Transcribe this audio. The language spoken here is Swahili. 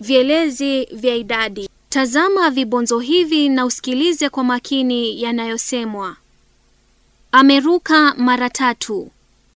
Vielezi vya idadi. Tazama vibonzo hivi na usikilize kwa makini yanayosemwa. Ameruka mara tatu.